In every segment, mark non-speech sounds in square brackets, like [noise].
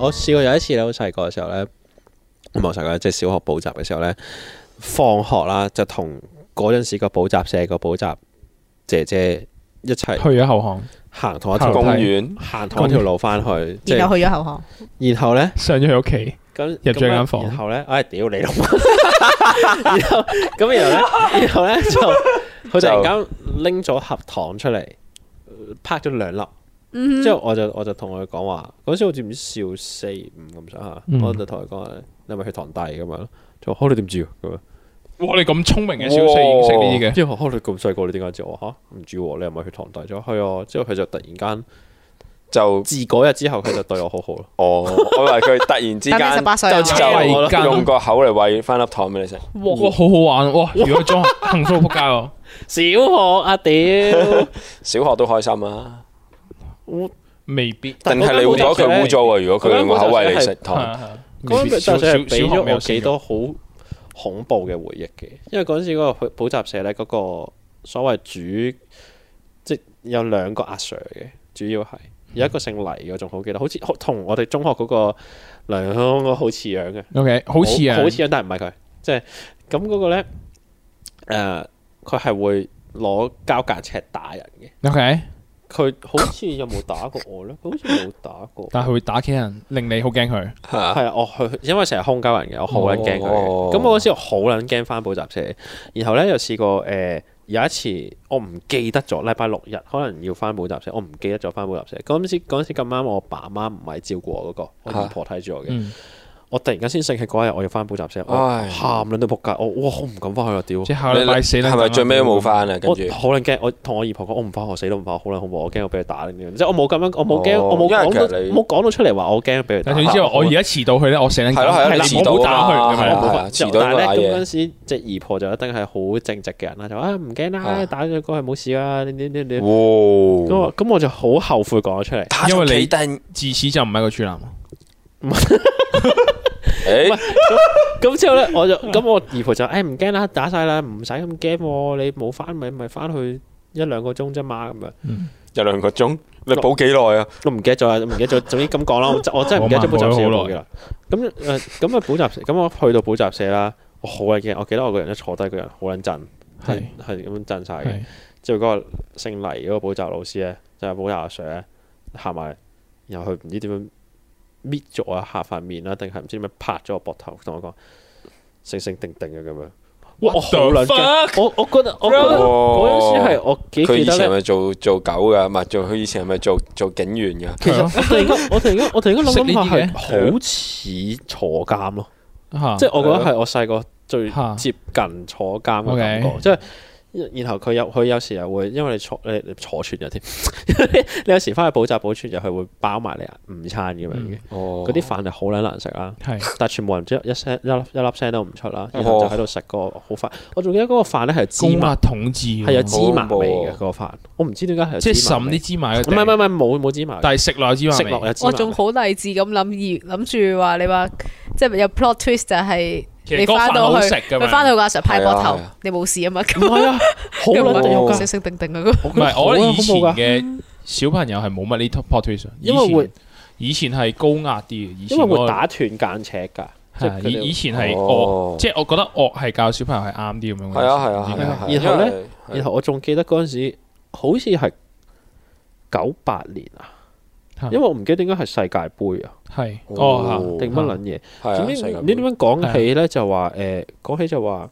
我試過有一次咧，好細個嘅時候咧，冇細個，即係小學補習嘅時候咧，放學啦，就同嗰陣時個補習社個補習姐姐一齊去咗後巷，行同一條公園，行同一條路翻去，後 Solar，即係去咗後巷，然後咧上咗佢屋企，咁入咗間房，然後咧，我係屌你咯，然後咁然後咧，然後咧就佢突然間拎咗盒糖出嚟，拍咗兩粒。嗯、之後我就我就同佢講話，嗰時好似唔知小四五咁上下，我就同佢講：，你係咪血糖低咁樣咯？就：，哦，你點知？咁，哇，你咁聰明嘅，小四認識呢啲嘅。之後，好你咁細個，你點解知？我吓唔知，你係咪血糖低咗？去啊。之後佢就突然間就自嗰日之後，佢就對我好好咯。哦，我以為佢突然之間 [laughs] 就,就用個口嚟喂翻粒糖俾你食。哇，好好玩！哇，如果做幸福仆街，小學啊，屌、啊， [laughs] 小學都開心啊！我未必，定係你會睇佢污糟喎。如果佢用個口餵你食糖，嗰陣時就係俾咗我幾多好恐怖嘅回憶嘅。因為嗰陣時嗰個補補習社咧，嗰、嗰個所謂主，即係有兩個阿 Sir 嘅，主要係有一個姓黎嘅，仲好記得，好似同我哋中學嗰個梁香香好似樣嘅。O K，好似啊，好似樣,、okay, 樣，好好樣但係唔係佢。即係咁嗰個咧，誒、呃，佢係會攞膠夾尺打人嘅。O K。佢好似有冇打過我咧？好似冇打過。 [laughs] 但係佢會打其他人，令你好驚佢。係啊，我佢，哦哦，因為成日恐嚇人嘅，我好撚驚佢。咁，哦，我嗰時好撚驚翻補習社。然後咧又試過誒、呃，有一次我唔記得咗禮拜六日可能要翻補習社，我唔記得咗翻補習社。嗰陣時陣時咁啱，我爸媽唔係照顧我嗰，嗰個，我老婆睇住我嘅。啊嗯我突然間先醒起嗰日我要翻補習社，喊兩度仆街，我哇好唔敢翻去啊屌！即你咪死啦！係咪最尾都冇翻啊？我好撚驚，我同我姨婆講，我唔翻學死都唔翻，好撚恐怖，我驚我俾佢打呢啲。即係我冇咁樣，我冇驚，我冇講到，冇講到出嚟話我驚俾佢打。但係總之我而家遲到去咧，我成日諗係咯打佢，遲到但係咧咁嗰陣時，隻姨婆就一定係好正直嘅人啦，就話唔驚啦，打咗過去冇事啦，你你你你。咁我就好後悔講咗出嚟。因為你但自此就唔係個處男。咁，之後咧我就咁，我姨婆就誒唔驚啦，打晒啦，唔使咁驚，你冇翻，咪咪翻去一兩個鐘啫嘛，咁樣，一兩個鐘，你補幾耐啊？都唔記得咗啦，唔記得咗，總之咁講啦，我真我唔記得咗補習社。咁誒，咁啊補習，咁我去到補習社啦，我好驚，我記得我個人咧坐低個人好撚震，係係咁震晒嘅。之後嗰個姓黎嗰個補習老師咧，就係補習社咧，行埋，然後佢唔知點樣。搣咗我下塊面啦，定係唔知點樣拍咗我膊頭，同我講，醒醒定定嘅咁樣，我好冷靜，我 the 我，我覺得我嗰陣、oh, 時係我佢以前係咪做做狗噶，唔係做佢以前係咪做做警員噶？其實 [laughs] 我突然間我突然間我突然間諗到，好似坐監咯，即係 [laughs] 我覺得係我細個最接近坐監嘅感覺，即係、 [laughs] 就是。然後佢有佢有時又會，因為你坐你你坐穿咗添。 [laughs] 你有時翻去補習補穿咗，佢會包埋你午餐咁樣嘅。嗰啲飯就好撚難食啦。是但全部人即係一聲一粒一粒聲都唔出啦。然後就喺度食個好快。哦、我仲記得嗰個飯咧係芝麻統治，係有芝麻味嘅嗰、哦、個飯。我唔知點解係即係滲啲芝麻。唔係唔係唔係冇冇芝麻，但係食落有芝麻味。我仲好勵志咁諗而諗住話你話即係有 plot twist 就係、是。你翻到去，咪翻去個阿 sir 拍膊頭，你冇事啊嘛？係啊，好穩定噶。星星定定啊，唔係我以前嘅小朋友係冇乜呢套 portion。因為以前係高壓啲嘅，因為會打斷間尺噶。以以前係我，即係我覺得我係教小朋友係啱啲咁樣。係啊，係啊，係啊。然後咧，然後我仲記得嗰陣時，好似係九八年啊。因為我唔記得點解係世界盃啊，係是哦定乜撚嘢？總之你點樣講起咧就話誒，講、呃、起就話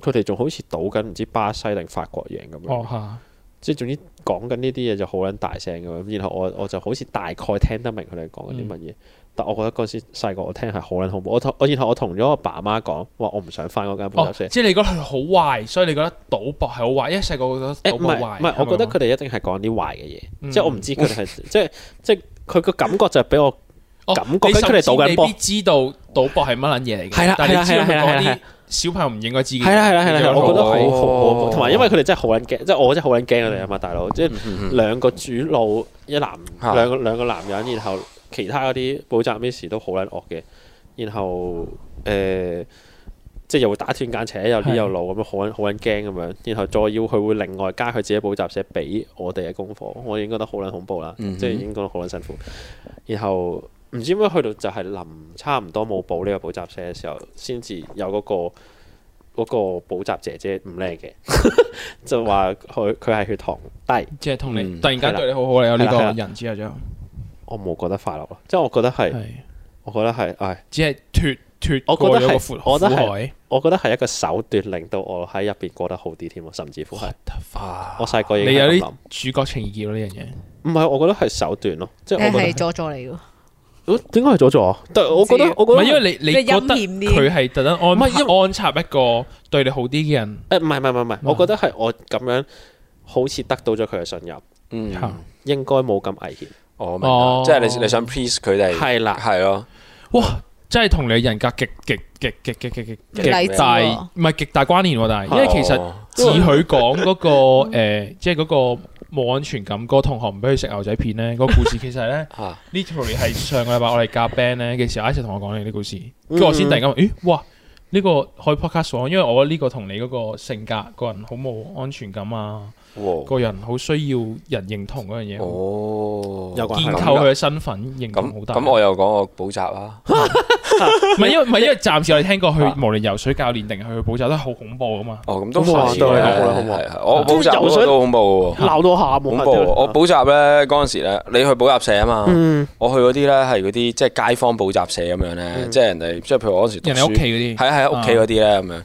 佢哋仲好似賭緊唔知巴西定法國贏咁樣，即係、哦啊、總之講緊呢啲嘢就好撚大聲咁樣。然後我我就好似大概聽得明佢哋講緊啲乜嘢。嗯但我覺得嗰時細個我聽係好撚恐怖，我同我然後我同咗我爸媽講，話我唔想翻嗰間鋪頭先。即係你覺得佢好壞，所以你覺得賭博係好壞？因為細個我覺得誒唔係唔係，我覺得佢哋一定係講啲壞嘅嘢。即係我唔知佢哋係即係即係佢個感覺就係俾我感覺。你首先未必知道賭博係乜撚嘢嚟嘅，係啦係啦係啦係啦。小朋友唔應該知嘅係啦係啦係啦。我覺得好好恐怖，同埋因為佢哋真係好撚驚，即係我真係好撚驚佢哋啊嘛，大佬即係兩個主路一男，兩個兩個男人然後。其他嗰啲補習 Miss 都好撚惡嘅，然後誒、呃，即係又會打斷間扯，有啲有路咁樣，好撚好撚驚咁樣。然後再要佢會另外加佢自己補習社俾我哋嘅功課，我已經覺得好撚恐怖啦，嗯、哼即係已經覺得好撚辛苦。然後唔知點解去到就係臨差唔多冇補呢個補習社嘅時候，先至有嗰、嗰個嗰、嗰個補習姐姐唔靚嘅， [laughs] 就話佢佢係血糖低，即係同你、嗯、突然間對你好好有呢個人之後我冇覺得快樂咯，即係我覺得係，我覺得係，唉，只係脫脫過一個苦海，我覺得係一個手段，令到我喺入邊過得好啲添，甚至乎係我細個已經有啲主角情結咯呢樣嘢。唔係，我覺得係手段咯，即係係佐助你咯。點解係佐助？我我覺得我覺得，因為你你覺得佢係特登安唔係安插一個對你好啲嘅人。誒唔係唔係唔係，我覺得係我咁樣好似得到咗佢嘅信任，嗯，應該冇咁危險。哦，即係你你想 please 佢哋係啦，係咯，哇！真係同你人格極極極極極極極大，唔係極大關聯喎，但係因為其實自佢講嗰個誒，即係嗰個冇安全感，個同學唔俾佢食牛仔片咧，個故事其實咧，literally 係上個禮拜我哋夾 band 咧嘅時候，一 s 同我講呢啲故事，跟住我先突然間，咦，哇！呢個可以 podcast 講，因為我覺得呢個同你嗰個性格個人好冇安全感啊。個人好需要人認同嗰樣嘢，哦，建構佢嘅身份認同好大。咁我又講我補習啦，唔係因為唔係因為暫時我哋聽過去無論游水教練定係去補習都好恐怖噶嘛。哦，咁都好恐怖。我補習都恐怖喎，鬧到下。恐怖啊！我補習咧嗰陣時咧，你去補習社啊嘛，我去嗰啲咧係嗰啲即係街坊補習社咁樣咧，即係人哋即係譬如我嗰時人哋屋企嗰啲，係啊係啊屋企嗰啲咧咁樣。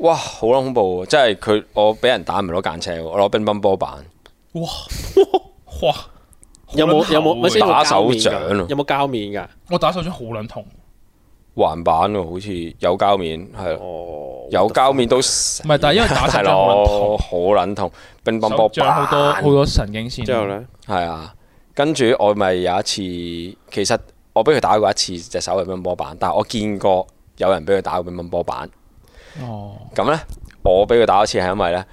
哇，好恐怖！即係佢，我俾人打唔係攞間尺，我攞乒乓波板。哇哇，哇 [laughs] 有冇有冇打手掌、啊，有膠？有冇膠面噶？我打手掌好撚痛。橫板喎，好似有膠面，係咯，哦、有膠面都唔係，但係因為打手掌好撚痛。乒乓波板仲有好多好 [laughs] 多神經線。之後咧，係啊，跟住我咪有一次，其實我俾佢打過一次隻手係乒乓波板，但係我見過有人俾佢打過乒乓波板。哦，咁呢，我俾佢打一次係因為呢，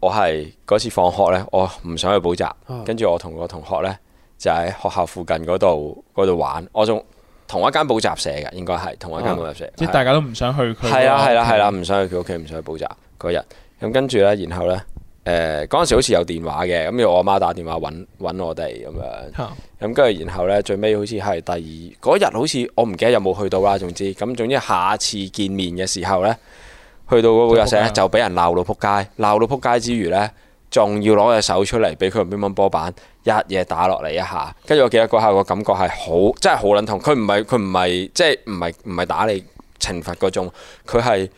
我係嗰次放學呢，我唔想去補習，跟住、啊、我同個同學呢，就喺學校附近嗰度度玩，我仲同一間補習社嘅，應該係同一間補習社，啊啊、即係大家都唔想去佢、啊，係啦係啦係啦，唔、啊啊啊啊啊、想去佢屋企，唔想去補習嗰日，咁跟住呢，然後呢。誒嗰、呃、時好似有電話嘅，咁然後我媽打電話揾揾我哋咁樣，咁跟住然後呢，最尾好似係第二嗰日，好似我唔記得有冇去到啦，總之咁總之下次見面嘅時候呢，去到嗰個約識咧就俾人鬧到撲街，鬧到撲街之餘呢，仲、嗯、要攞隻手出嚟俾佢用乒乓波板一嘢打落嚟一下，跟住我記得嗰下個感覺係好，真係好撚痛。佢唔係佢唔係即係唔係唔係打你懲罰嗰種，佢係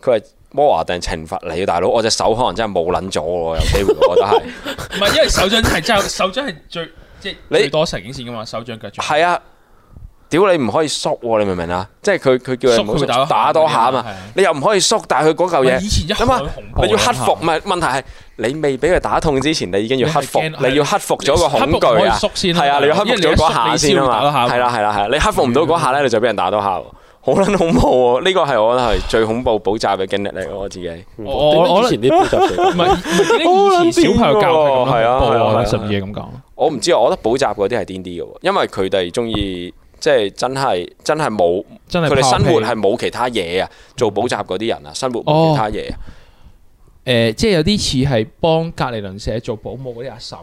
佢係。摩華定懲罰你嘅大佬，我隻手可能真係冇捻咗，有機會我覺得係。唔係，因為手掌係真係，手掌係最即係你多成件事噶嘛，手掌嘅係啊。屌你唔可以縮，你明唔明啊？即係佢佢叫你打多下啊嘛。你又唔可以縮，但係佢嗰嚿嘢。以前你要克服。唔係問題係你未俾佢打痛之前，你已經要克服。你要克服咗個恐懼啊！係啊，你要克服咗嗰下先啊嘛。係啦係啦係啊，你克服唔到嗰下咧，你就俾人打多下。好捻恐怖啊！呢個係我覺得係最恐怖補習嘅經歷嚟， [noise] 我自己。我以前啲補習唔係啲以前小朋友教係啊，補我十嘢咁講。我唔知我覺得補習嗰啲係癲啲嘅，因為佢哋中意即係真係真係冇，真係佢哋生活係冇其他嘢啊。做補習嗰啲人啊，生活冇其他嘢啊。誒、啊，即係有啲似係幫隔籬鄰舍做保姆嗰啲阿嬸。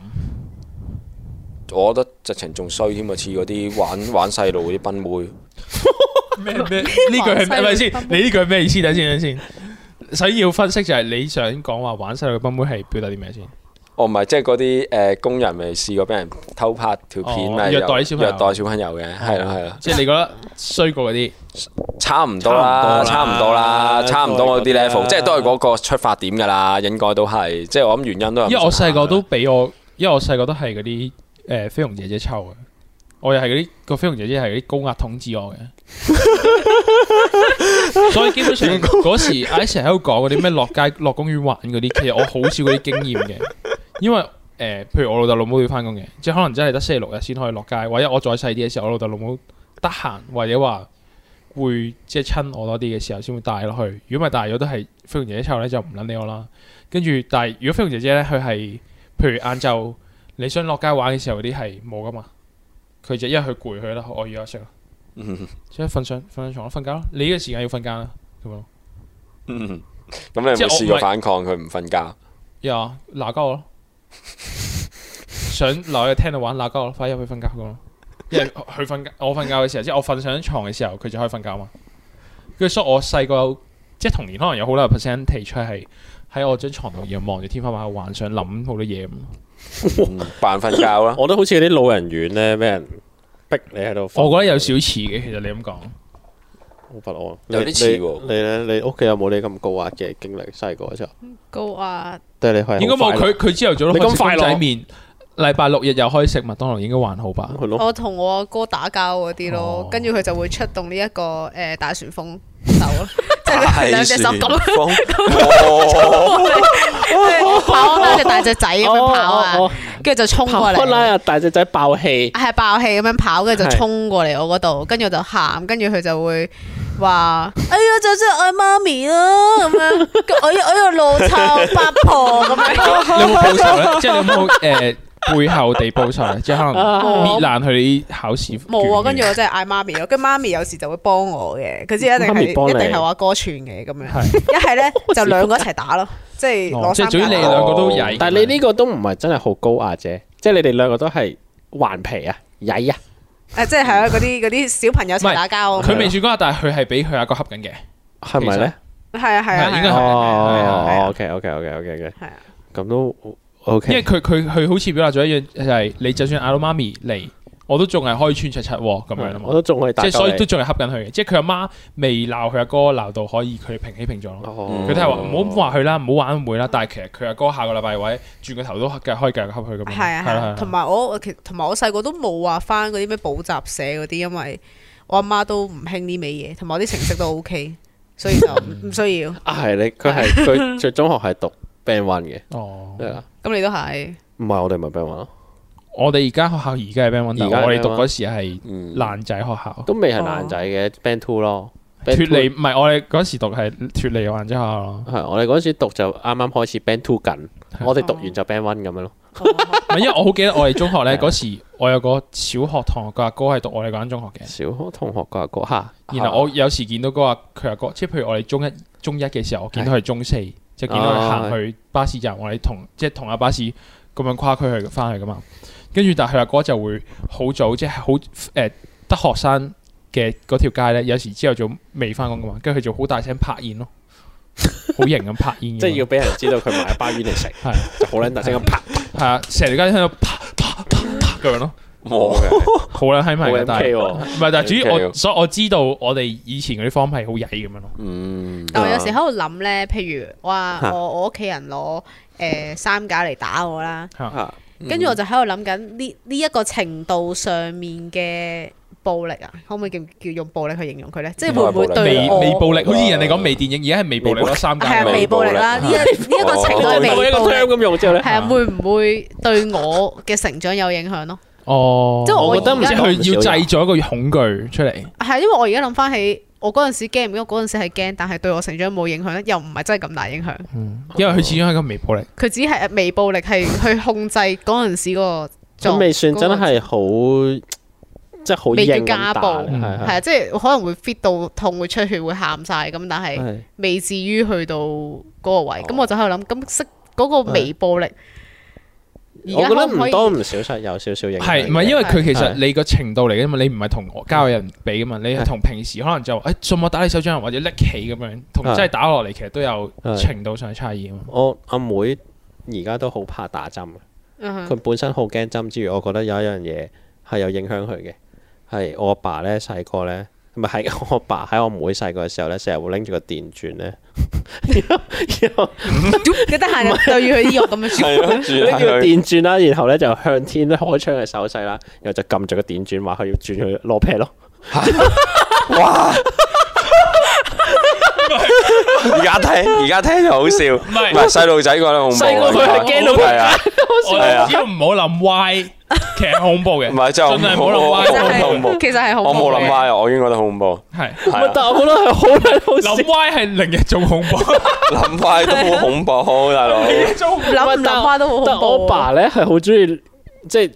我覺得直情仲衰添啊，似嗰啲玩玩細路嗰啲賓妹。 [laughs] 咩咩？呢句係咪先？你呢句係咩意思？睇先睇先。所以要分析就係你想講話玩細路嘅崩妹係表達啲咩先？哦，唔係，即係嗰啲誒工人咪試過俾人偷拍條片，虐待小虐待小朋友嘅，係啊，係啊。即係你覺得衰過嗰啲？差唔多啦，差唔多啦，啊、差唔多嗰啲 level，即係都係嗰個出發點噶啦，應該都係。即係我諗原因都係。因為我細個都俾我，因為我細個都係嗰啲誒飛龍姐姐抽嘅。我又係嗰啲個菲傭姐姐係啲高壓統治我嘅， [laughs] [laughs] 所以基本上嗰 [laughs] 時阿 Sir 成日喺度講嗰啲咩落街落公園玩嗰啲，其實我好少嗰啲經驗嘅，因為誒、呃，譬如我老豆老母要翻工嘅，即係可能真係得星期六日先可以落街，或者我再細啲嘅時候，我老豆老母得閒或者話會即係親我多啲嘅時，時候，先會帶落去。如果咪帶咗都係菲傭姐姐之湊咧，就唔捻理我啦。跟住，但係如果菲傭姐姐咧，佢係譬如晏晝你想落街玩嘅時候，嗰啲係冇噶嘛。佢就因為佢攰，佢啦，我而家識啦，即係瞓上瞓上床，瞓覺啦。你嘅時間要瞓覺啦，咁咯。咁、嗯、你有冇係即 我試過反抗佢唔瞓覺，有鬧交咯，我 [laughs] 想留喺廳度玩鬧交咯，快啲入去瞓覺咁咯。因為佢瞓， [laughs] 我瞓覺嘅時候，即係我瞓上床嘅時候，佢就可以瞓覺嘛。跟住，所以我，我細個即係童年，可能有好多個 percent 提出係喺我張床度，然後望住天花板，幻想諗好多嘢咁。扮瞓、嗯、覺啦， [laughs] 我都好似啲老人院呢，俾人逼你喺度瞓。我覺得有少似嘅，其實你咁講，好佛羅啊，你有啲似喎。你咧，你屋企有冇你咁高壓嘅經歷？細個就高壓壓，但係你係應該冇。佢佢之後做咗咁快樂仔面禮拜六日又可以食麥當勞，應該還好吧？咯我同我阿哥，哥打交嗰啲咯，跟住佢就會出動呢、這、一個誒、呃、大旋風。手，即係兩隻手咁咁衝，跑啦，隻大隻仔咁樣跑啊，跟住就衝過嚟。拉啊，大隻仔爆氣，係爆氣咁樣跑，跟住就衝過嚟我嗰度，跟住我就喊，跟住佢就會話：哎呀，就真係愛媽咪咯咁樣，我我又老臭八婆咁樣。即係有冇誒？呃背後地包抄，即係可能搣爛佢啲考試。冇啊，跟住我真係嗌媽咪咯，跟住媽咪有時就會幫我嘅，佢知一定一定係我阿哥串嘅咁樣。一係咧就兩個一齊打咯，即係即係。主要你兩個都曳，但係你呢個都唔係真係好高壓啫，即係你哋兩個都係頑皮啊，曳啊，誒，即係係啊，啲嗰啲小朋友一齊打交。佢未轉高壓，但係佢係俾佢阿哥恰緊嘅，係咪咧？係啊係啊，應該係哦，OK OK OK OK OK，係啊，咁都。因為佢佢佢好似表達咗一樣就係你就算嗌到媽咪嚟，我都仲係開穿出出咁樣我都仲係即係所以都仲係恰緊佢嘅，即係佢阿媽未鬧佢阿哥鬧到可以，佢平起平坐咯。佢都係話唔好話佢啦，唔好玩會啦。但係其實佢阿哥下個禮拜位轉個頭都繼續開繼續恰佢咁。係啊係啊同埋我同埋我細個都冇話翻嗰啲咩補習社嗰啲，因為我阿媽都唔興呢味嘢，同埋我啲成績都 O K，所以就唔需要。啊係你佢係佢喺中學係讀 Band One 嘅哦。咁你都係唔係？我哋咪 band one 咯。我哋而家學校而家係 band one，而家我哋讀嗰時係爛仔學校，都未係爛仔嘅 band two 咯。脫離，唔係我哋嗰時讀係脫離完之後咯。係我哋嗰時讀就啱啱開始 band two 緊，我哋讀完就 band one 咁樣咯。唔係，因為我好記得我哋中學咧嗰時，我有個小學同學個阿哥係讀我哋嗰間中學嘅。小學同學個阿哥吓，然後我有時見到個阿佢阿哥，即係譬如我哋中一中一嘅時候，我見到佢中四。就見到佢行去巴士站，或者、啊、同是即係同一巴士咁樣跨區去翻去噶嘛。跟住但係阿哥就會好早，即係好誒得學生嘅嗰條街咧。有時朝頭早未翻工噶嘛，跟住佢就好大聲拍煙咯，好型咁拍煙。 [laughs] 即係要俾人知道佢買包煙嚟食，係 [laughs] 就好撚大聲咁拍。係啊， [laughs] 成 [laughs] [laughs] 條街聽到啪啪啪啪咁樣咯。冇，好難睇埋嘅，但係唔係，但係主要我，所以我知道我哋以前嗰啲方法係好曳咁樣咯。嗯，我有時喺度諗咧，譬如哇，我我屋企人攞誒衫架嚟打我啦，跟住我就喺度諗緊呢呢一個程度上面嘅暴力啊，可唔可以叫叫用暴力去形容佢咧？即係會唔會對微暴力？好似人哋講微電影，而家係微暴力攞衫架。係啊，微暴力啦，呢呢一個程度微暴力。用一個槍咁用之後咧，係啊，會唔會對我嘅成長有影響咯？哦，即係我覺得唔知佢要製造一個恐懼出嚟。係，因為我而家諗翻起，我嗰陣時驚，因為嗰陣時係驚，但係對我成長冇影響咧，又唔係真係咁大影響。嗯，因為佢始終係一個微暴力。佢只係微暴力，係去控制嗰陣時個。我未算真係好，即係好。未至家暴，係係，即係可能會 fit 到痛，會出血，會喊晒咁，但係未至於去到嗰個位。咁我就喺度諗，咁識嗰個微暴力。我覺得唔多唔以少實有少少影響，係唔係因為佢其實是你個程度嚟嘅嘛？你唔係同交人比嘅嘛？你係同平時可能就誒做我打你手掌或者拎起咁樣，同真係打落嚟其實都有程度上嘅差異。我阿妹而家都好怕打針，佢、嗯、哼本身好驚針之餘，我覺得有一樣嘢係有影響佢嘅，係我阿爸咧細個咧。係咪我爸喺我妹細個嘅時候咧，成 [laughs] 為我 [laughs] 日會拎住個電鑽咧，然後，然後，咁得閒就要去呢個咁樣住，呢個電鑽啦，然後咧就向天開槍嘅手勢啦，然後就撳住個電鑽話佢要轉去攞批咯， [laughs] 哇！ [laughs] 而家聽而家聽就好笑，唔係細路仔覺得好恐怖，細路仔係驚到，係啊，只要唔好諗歪，其實恐怖嘅，唔係真係唔好諗歪，好恐怖。其實係恐怖，我冇諗歪，我已經覺得好恐怖。但我覺得係好，好諗歪係另一種恐怖，諗歪都好恐怖，大佬諗諗歪都好恐怖。我爸咧係好中意即係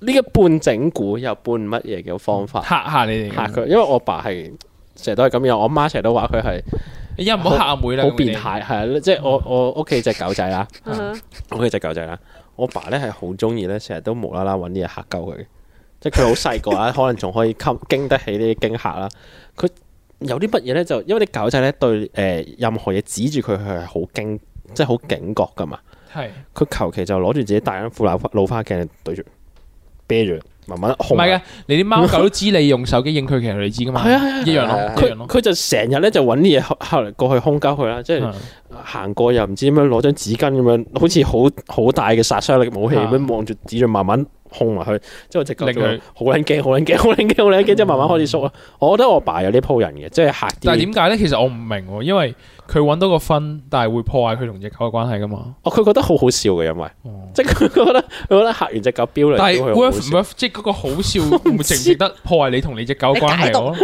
呢個半整蠱又半乜嘢嘅方法吓吓你哋吓佢，因為我爸係。成日都係咁樣，我媽成日都話佢係，依家唔好嚇阿妹啦。好變態，係啊、嗯，即係我我屋企隻狗仔啦，我屋企隻狗仔啦， [laughs] 我爸咧係好中意咧，成日都無啦啦揾啲嘢嚇鳩佢，即係佢好細個啦， [laughs] 可能仲可以驚得起呢啲驚嚇啦。佢有啲乜嘢咧，就因為啲狗仔咧對誒任何嘢指住佢，佢係好驚，即係好警覺噶嘛。係的。佢求其就攞住自己戴緊副老花鏡對住，啤住。慢慢控，唔係嘅，你啲貓狗都知你用手機應佢， [laughs] 其實你知噶嘛？係啊，一樣啊，一樣咯。佢就成日咧就揾啲嘢敲嚟過去恐嚇佢啦，即係行過又唔知點樣攞張紙巾咁樣，好似好好大嘅殺傷力武器咁樣望住、啊、紙上慢慢。控埋佢，即係我直覺令佢好撚驚，好撚驚，好撚驚，好撚驚，即係慢慢開始縮啊！我覺得我爸有啲鋪人嘅，即係嚇。但係點解咧？其實我唔明喎，因為佢揾到個分，但係會破壞佢同隻狗嘅關係㗎嘛？哦，佢覺得好好笑嘅，因為即係佢覺得佢覺得嚇完隻狗飆嚟，即係嗰個好笑，值唔值得破壞你同你隻狗關係咯？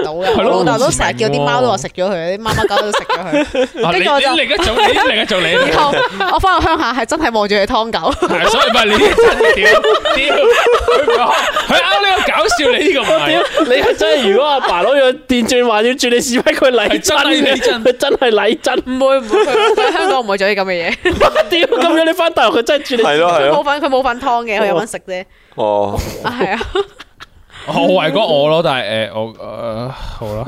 老豆都成日叫啲貓都話食咗佢，啲貓貓狗都食咗佢。跟住就另一做你，另一做你。我翻到鄉下係真係望住佢劏狗，所以唔係你佢講，佢啱呢個搞笑，你呢個唔係，你真係如果阿爸攞樣電鑽話要鑽你試威，佢禮真，佢真係禮真，妹唔 [laughs] 會，香港唔會做啲咁嘅嘢。點咁、 [laughs] 啊、樣，樣？你翻大陸真係鑽你？係咯，冇份，佢冇份湯嘅，佢有份食啫。哦，係啊， [laughs] [laughs] 我為過我咯，但係誒、呃，我、呃、好啦。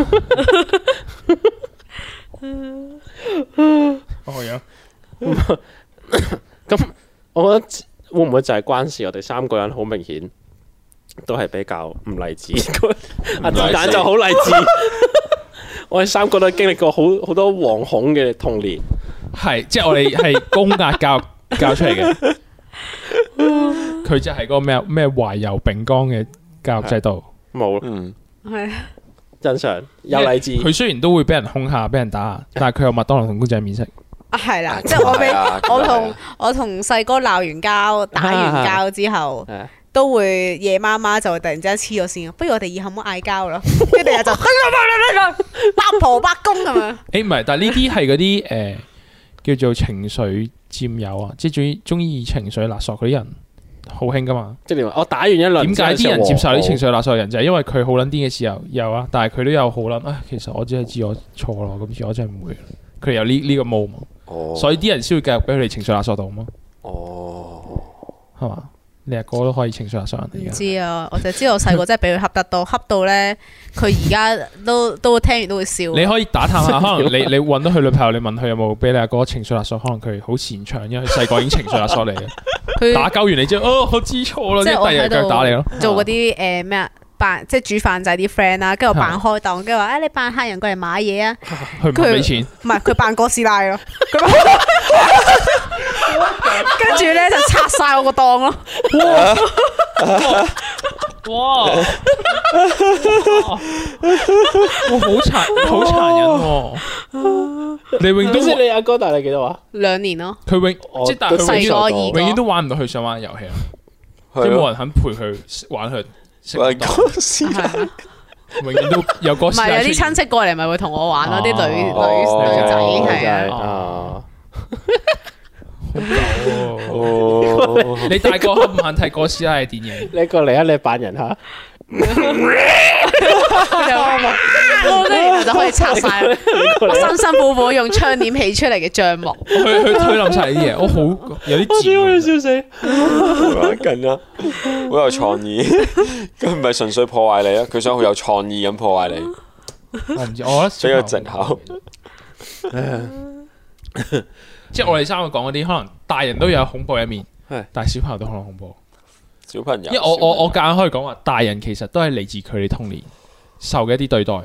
哦樣咁，我覺得。會唔會就係關事？我哋三個人好明顯都係比較唔勵志，阿 [laughs] 子彈就好勵志。 [laughs] [laughs] 我哋三個都經歷過好好多惶恐嘅童年，係 [laughs] 即係我哋係高壓教育教出嚟嘅。佢 [laughs] [laughs] 就係嗰個咩咩懷柔並剛嘅教育制度，冇咯。嗯，係啊是，真正常因為 有勵志。佢雖然都會俾人恐嚇，俾人打，但係佢有麥當勞同公仔麵食。係、 [music] 啊、啦，即係我俾、啊、我同我同細哥鬧完交打完交之後，啊啊、都會夜媽媽就突然之間黐咗線，不如我哋以後唔好嗌交啦。跟住第日就八 [laughs] 婆八公咁樣。誒，唔係、 [laughs] 欸，但係呢啲係嗰啲誒叫做情緒占有啊，即係中意情緒勒索嗰啲人好興噶嘛。即係點啊？我打完一輪，點解啲人接受啲情緒勒索人就係、哦、因為佢好捻癲嘅時候有啊，但係佢都有好捻啊。其實我只係知我錯咯，咁次我真係唔會。佢有呢呢個 moment 所以啲人先會繼續俾佢哋情緒勒索到嘛。哦，係嘛？你阿哥都可以情緒勒索人哋。唔知啊，我就知道我細個真係俾佢恰得多，恰 [laughs] 到咧，佢而家都都會聽完都會笑。你可以打探下， [laughs] 可能你你揾到佢女朋友，你問佢有冇俾你阿哥、哥情緒勒索，可能佢好擅長，因為佢細個已經情緒勒索嚟嘅。 [laughs] 他 打鳩完你之後，哦，我知錯啦，即係第二日繼續打你咯。 [laughs] 做嗰啲誒咩啊？呃即係煮飯就係啲 friend 啊，跟住扮開檔，跟住話：誒，你扮客人過嚟買嘢啊！佢唔俾錢，唔係佢扮哥斯拉咯。跟住咧就拆晒我個檔咯。哇！哇！哇！哇哇好殘，哦，好殘忍。李永你阿哥大你幾多啊？兩年咯。佢永，但細個永遠都玩唔到佢想玩嘅遊戲啊！有冇人肯陪佢玩佢？唔係哥斯拉，永遠都有哥斯拉。唔係 [laughs] 有啲親戚過嚟，咪會同我玩咯，啲女女女仔係啊。好老，啊啊，哦！ [laughs] [laughs] [laughs] 你大哥肯唔肯睇哥斯拉嘅電影？你過嚟啊！你扮人吓。然後我跟住就可以拆晒，我辛辛苦苦用窗簾起出嚟嘅帳幕，去去推冧晒呢啲嘢，我好有啲賤， [laughs] 笑死，玩緊啦，好有創意，佢唔係純粹破壞你啊，佢想好有創意咁破壞你，唔知我呢，所以個借口， [laughs] 即係我哋三個講嗰啲，可能大人都有恐怖一面，但係小朋友都可能恐怖。小朋友因為我小朋友我我夾硬可以講話，大人其實都係嚟自佢哋童年受嘅一啲對待，哦、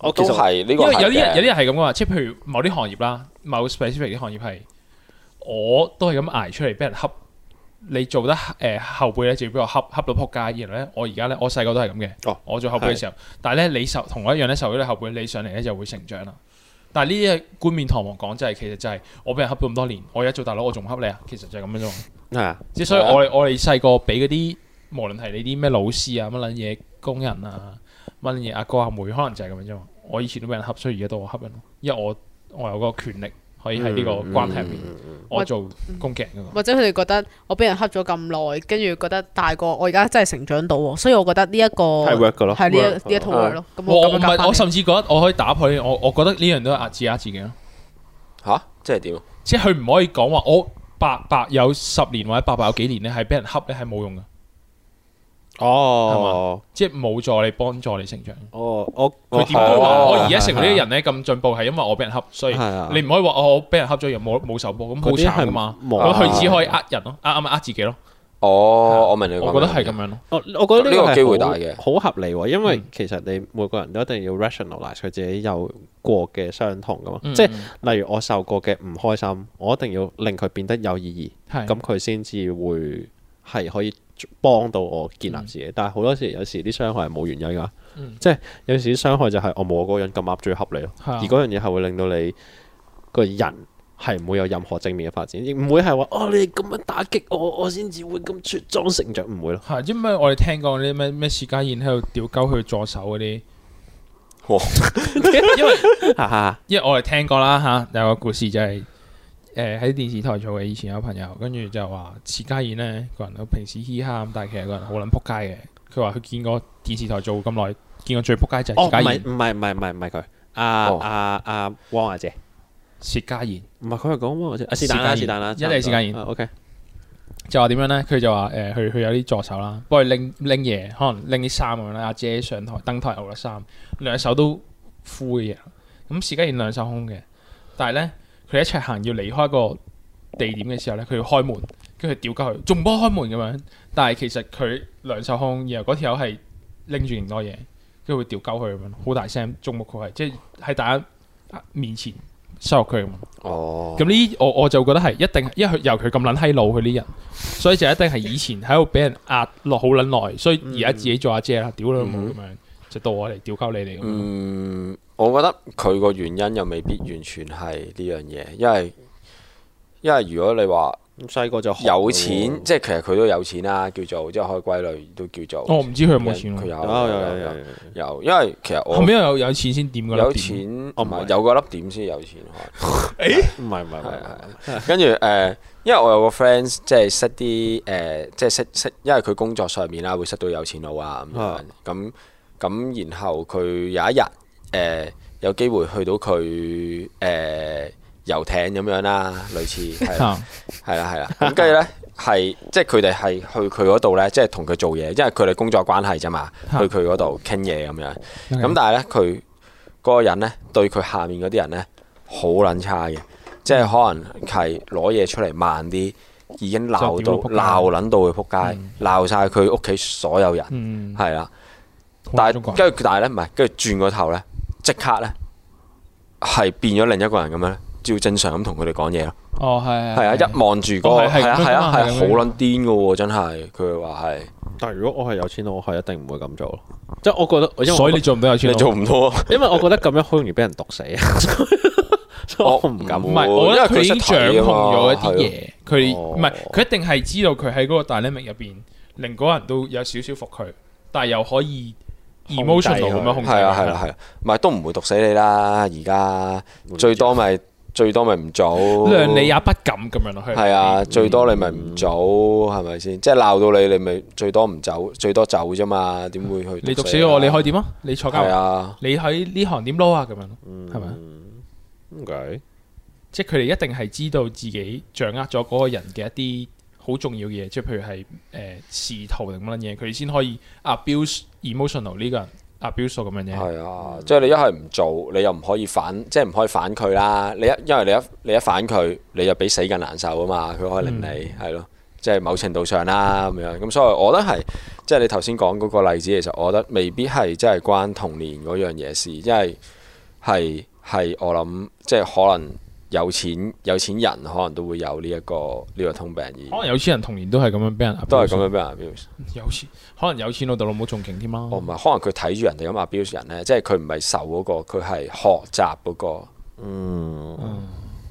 其實我都係呢個。因為有啲人的有啲人係咁講話，即係譬如某啲行業啦，某 specific 嘅行業係，我都係咁捱出嚟，俾人恰。你做得誒、呃、後輩咧，就要俾我恰恰到仆街。然後咧，我而家咧，我細個都係咁嘅。哦、我做後輩嘅時候，的但係咧你受同我一樣咧，受咗你後輩，你上嚟咧就會成長啦。但係呢啲係冠冕堂皇講，即係其實就係我俾人恰咗咁多年，我而家做大佬，我仲唔恰你啊？其實就係咁樣啫嘛。係啊，即所以我哋我哋細個俾嗰啲，無論係你啲咩老師啊乜撚嘢工人啊乜撚嘢阿哥阿妹，可能就係咁樣啫嘛。我以前都俾人恰，所以而家都我恰人，因為我我有個權力。可以喺呢個關係入邊，嗯、我做攻擊啊、那個嗯嗯！或者佢哋覺得我俾人恰咗咁耐，跟住覺得大個，我而家真係成長到喎，所以我覺得呢一個係 work 嘅了咯，係呢呢一套 work 咯。咁、uh, 我我，我，我甚至覺得我可以打佢，我我覺得呢樣都係壓制下自己咯。吓、啊？即係點？即係佢唔可以講話，我八百有十年或者八百有幾年咧，係俾人恰咧係冇用嘅。哦，即係冇助你幫助你成長。哦，我佢點都話我而家成呢啲人咧咁進步，係因為我俾人恰，所以你唔可以話我俾人恰咗又冇冇受波咁。好慘係嘛，佢只可以呃人咯，呃咪呃自己咯。哦，我明你，我覺得係咁樣咯。哦，我覺得呢個機會大嘅，好合理。因為其實你每個人都一定要 rationalize 佢自己有過嘅傷痛噶嘛。即係例如我受過嘅唔開心，我一定要令佢變得有意義，咁佢先至會係可以。幫到我建立自己，但係好多時有時啲傷害係冇原因噶，嗯、即係有時啲傷害就係我冇我個人咁啱最合理咯，嗯、而嗰樣嘢係會令到你個人係唔會有任何正面嘅發展，亦唔會係話，嗯、哦你咁樣打擊我，我先至會咁茁壯成長，唔會咯。係啲咩？我哋聽過啲咩咩薛家燕喺度吊鳩佢助手嗰啲，因為因為我哋聽過啦吓，有個故事就係。誒，喺、呃、電視台做嘅，以前有朋友，跟住就話，薛家燕呢個人，平時嘻哈咁，但係其實個人好撚撲街嘅。佢話佢見過電視台做咁耐，見過最撲街就係薛家燕。唔係唔係唔係唔係佢，阿阿阿汪阿姐，薛家燕，唔係佢係講汪阿姐，是但啦是但啦，一定係薛家燕。O、okay. K，就話點樣呢？佢就話，誒、呃，佢佢有啲助手啦，幫佢拎拎嘢，可能拎啲衫咁樣啦。阿、啊、姐上台登台攞衫，兩手都灰嘅嘢。咁薛家燕兩手空嘅，但係 [music] [noise] 呢。佢一齊行要離開個地點嘅時候咧，佢要開門，跟住屌鳩佢，仲唔開門咁樣？但係其實佢兩手空，然後嗰條友係拎住勁多嘢，跟住會屌鳩佢咁樣，好大聲，眾目睽睽，即係喺大家面前收落佢啊嘛。哦。咁呢，我我就覺得係一定，因為由佢咁撚閪老，佢呢人，所以就一定係以前喺度俾人壓落好撚耐，所以而家自己做阿姐啦，屌佢老母咁樣。嗯就到我嚟屌鳩你哋。嗯，我覺得佢個原因又未必完全係呢樣嘢，因為因為如果你話細個就有錢，即係其實佢都有錢啦，叫做即係可以歸類都叫做。我唔知佢有冇錢？佢有有有有。有，因為其實我後面又有錢先點個有錢，唔係有個粒點先有錢。誒，唔係唔係唔係。跟住誒，因為我有個 friend 即係識啲，誒，即係識識，因為佢工作上面啦會識到有錢佬啊咁。咁然後佢有一日，誒有機會去到佢誒遊艇咁樣啦，類似係啦係啦係啦。咁跟住咧係即係佢哋係去佢嗰度咧，即係同佢做嘢，因為佢哋工作關係啫嘛。去佢嗰度傾嘢咁樣。咁但係咧，佢嗰個人咧對佢下面嗰啲人咧好撚差嘅，即係可能係攞嘢出嚟慢啲，已經鬧到鬧撚到佢仆街，鬧晒佢屋企所有人，係啦。但係跟住，但係咧唔係，跟住轉個頭咧，即刻咧係變咗另一個人咁樣，照正常咁同佢哋講嘢咯。哦，係係啊，一望住個係啊係啊，係好撚癲噶喎，真係佢話係。但係如果我係有錢，我係一定唔會咁做咯。即係我，我覺得，所以你做唔到有錢，你做唔到啊。因為我覺得咁樣好容易俾人毒死啊。我唔敢，唔係，因為佢已經掌控咗一啲嘢。佢唔係，佢一定係知道佢喺嗰個大匿名入邊，令嗰人都有少少服佢，但係又可以。emotional 咁樣控制，係啊係啦係，唔係都唔會毒死你啦。而家會最多咪、就是、最多咪唔走，諒你也不敢咁樣咯。係啊，嗯、最多你咪唔走，係咪先？嗯、即係鬧到你，你咪最多唔走，最多走啫嘛。點會去？你毒死我，你可以點啊？你坐監，係啊？你喺呢行點撈啊？咁樣，係咪啊？點解？嗯 okay. 即係佢哋一定係知道自己掌握咗嗰個人嘅一啲，好重要嘅嘢，即係譬如係誒試圖定乜嘢，佢先可以 abuse emotional 呢、呢個人 abuse 咁樣嘢。係啊，嗯、即係你一係唔做，你又唔可以反，即係唔可以反佢啦。你一因為你一你一反佢，你就比死更難受啊嘛。佢可以令你係咯、嗯，即係某程度上啦、啊、咁樣。咁所以我覺得係，即係你頭先講嗰個例子，其實我覺得未必係真係關童年嗰樣嘢事，因為係係我諗，即係可能。有錢有錢人可能都會有呢、這、一個呢、這個通病，而可能有錢人童年都係咁樣俾人，都係咁樣俾人 abuse。有錢可能有錢老豆老母仲勁添啊！哦唔係，可能佢睇住人哋咁 abuse 人咧，即係佢唔係受嗰、那個，佢係學習嗰、那個。嗯，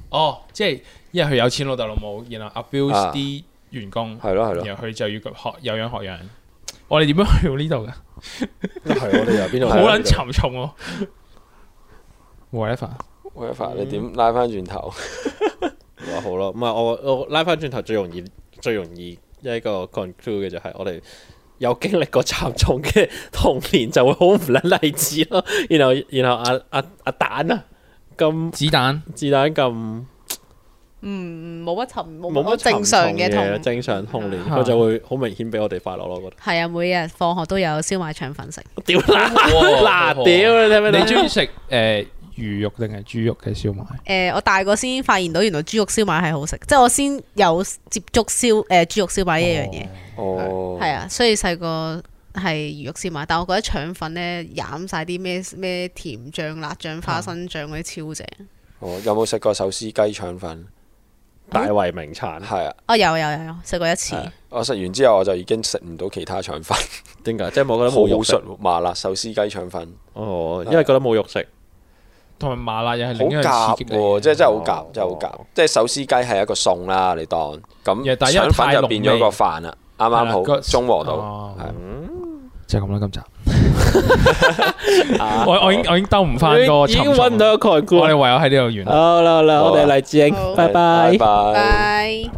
哦，即係因為佢有錢老豆老母，然後 abuse 啲員工，係咯係咯，然後佢就要學有樣學樣學。我哋點樣去到呢度嘅？都係我哋由邊度好撚沉重哦你點拉翻轉頭？哇， [laughs] [laughs] 好咯，唔係我我拉翻轉頭最容易最容易一個 conclude 嘅就係我哋有經歷過沉重嘅童年就會好唔撚勵志咯然。然後然後阿阿阿蛋啊，咁子彈子彈彈咁，嗯冇乜沉冇乜正常嘅正，正常童年，佢就會好明顯俾我哋快樂咯、啊。我覺得係啊，每日放學都有燒賣腸粉食、啊。屌、哦、嗱，屌、 [laughs] 欸、你聽唔聽你中意食誒？魚肉定係豬肉嘅燒賣？誒、呃，我大個先發現到原來豬肉燒賣係好食，即係我先有接觸燒誒、呃、豬肉燒賣呢樣嘢。哦，係啊是、哦，所以細個係魚肉燒賣，但我覺得腸粉咧，攪晒啲咩咩甜醬、辣醬、花生醬嗰啲超正。哦，有冇食過手撕雞腸粉？啊、大圍名產係啊！的哦，有有有有，食過一次。的我食完之後我就已經食唔到其他腸粉。點解？即、就、係、是、我覺得冇肉食好好麻辣手撕雞腸粉。哦，因為覺得冇肉食。同埋麻辣嘢係好夾喎，即係真係好夾，真係好夾。即係手撕雞係一個餸啦，你當咁，腸粉就變咗個飯啦，啱啱好，好中和到，就咁啦。今集我我已經我已經兜唔翻個圈，我哋唯有喺呢度完啦。好啦好啦，我哋黎志英，拜拜拜拜。